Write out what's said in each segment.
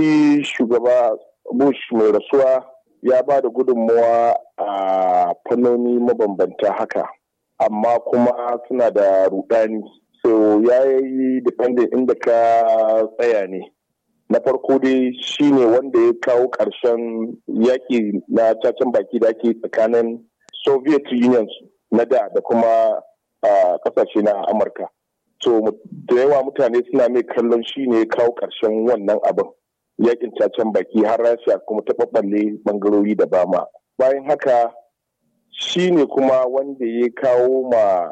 shi shugaba bush mai rasuwa ya ba da gudunmawa a fannoni mabambanta haka amma kuma suna da rudani so ya yi dependent inda ka tsaya ne na farko dai shi ne wanda ya kawo ƙarshen yaƙi na cacin baki da ake tsakanin soviet union na da da kuma ƙasashe na amurka so da yawa mutane suna mai kallon shine ya kawo ƙarshen wannan abin yakin cacen baki har rasha kuma ta ɓaɓɓalle ɓangarori da bama bayan haka shi ne kuma wanda ya kawo ma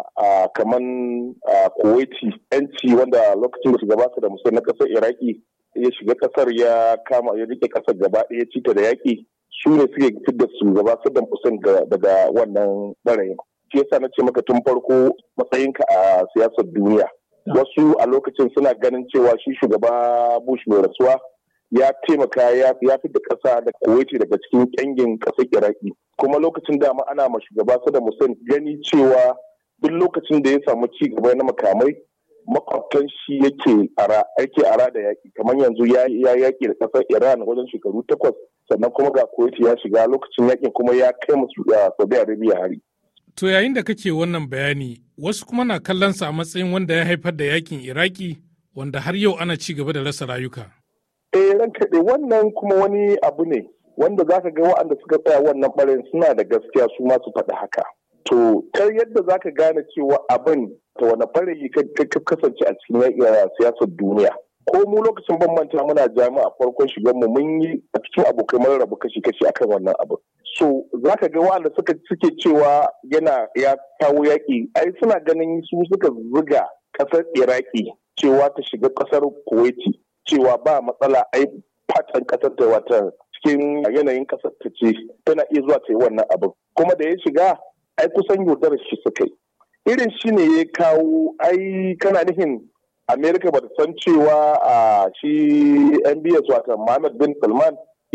kaman kuwaiti yanci wanda lokacin da su gabata da musulun na ƙasar iraki ya shiga ƙasar ya kama ya rike ƙasar gaba ɗaya cita da yaƙi su ne suke fitar da su gaba da daga wannan ɓarayin shi yasa na ce maka tun farko matsayinka a siyasar duniya wasu a lokacin suna ganin cewa shi shugaba bush mai rasuwa ya taimaka ya fi da kasa da kuwaiti daga cikin ƙyangin ƙasar iraki kuma lokacin dama ana ma shugaba sada musan gani cewa duk lokacin da ya samu ci gaba na makamai makwabtan shi yake ara yake ara da yaƙi kamar yanzu ya yaƙi da ƙasar iran wajen shekaru takwas sannan kuma ga kuwaiti ya shiga lokacin yakin kuma ya kai musu ah, saudi arabia hari To yayin da kake wannan bayani wasu kuma na kallon sa a matsayin wanda ya haifar da yakin Iraki wanda har yau ana ci gaba da rasa rayuka. eh ran kaɗe wannan kuma wani abu ne wanda za ka ga wa'anda suka tsaya wannan ɓarin suna da gaskiya su ma su faɗi haka to ta yadda za ka gane cewa abin ta wani farayi ka kasance a cikin eh, siyasar duniya ko mu lokacin ban manta muna jami'a farkon shigan mu mun yi a cikin abokai mara rabu kashi kashi akan wannan abu so za ka ga wa'anda suka suke cewa yana ya kawo yaƙi ai suna ganin su suka zuga ƙasar iraki cewa ta shiga ƙasar kuwaiti cewa ba matsala ai fatan kasar da wata cikin yanayin kasar ta ce tana iya zuwa ta yi wannan abin kuma da ya shiga ai kusan yaudar shi suka yi irin shi ne ya kawo ai kana nihin amerika ba ta san cewa a shi nbs wata mohammed bin salman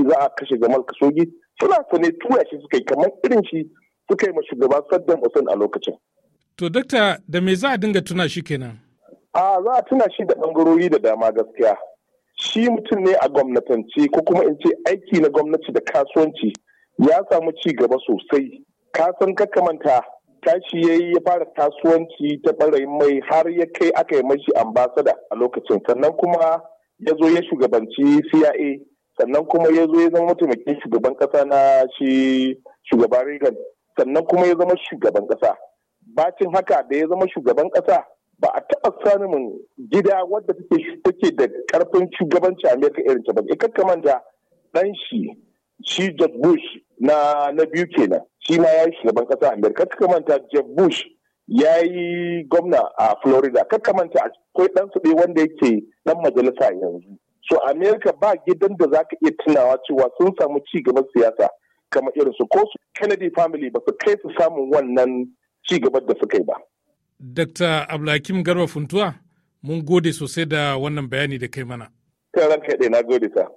za a kashe jamal kasogi suna sane tura shi suka yi kamar irin shi suka yi ma shugaban saddam hussein a lokacin to dakta da me za a dinga tuna shi kenan a za a tuna shi da bangarori da dama gaskiya shi mutum ne a gwamnatance ko kuma in ce aiki na gwamnati da kasuwanci ya samu ci gaba sosai ka san kakamanta tashi ya yi ya fara kasuwanci ta ɓarayin mai har ya kai aka yi mashi ambasada a lokacin sannan kuma ya zo ya shugabanci cia sannan kuma ya zo ya zama mataimakin shugaban kasa na shi shugaban reagan sannan kuma ya zama shugaban kasa bacin haka da ya zama shugaban kasa ba a taɓa samun gida wadda take da karfin shugabanci Amerika irin ta bane ikakka manta dan shi shi Jeb Bush na na biyu kenan shi ma yayi shugaban kasa Amerika kakka manta Jeb Bush yayi gwamna a Florida kakka manta akwai dan su wanda yake dan majalisa yanzu so Amerika ba gidan da zaka iya tunawa cewa sun samu ci gaban siyasa kamar irin su ko su Kennedy family ba su kai su samun wannan ci gaban da suka yi ba Dr. Abdulhakim Garba Funtuwa Mun gode sosai da wannan bayani da kai mana. Kan ranka na gode ta.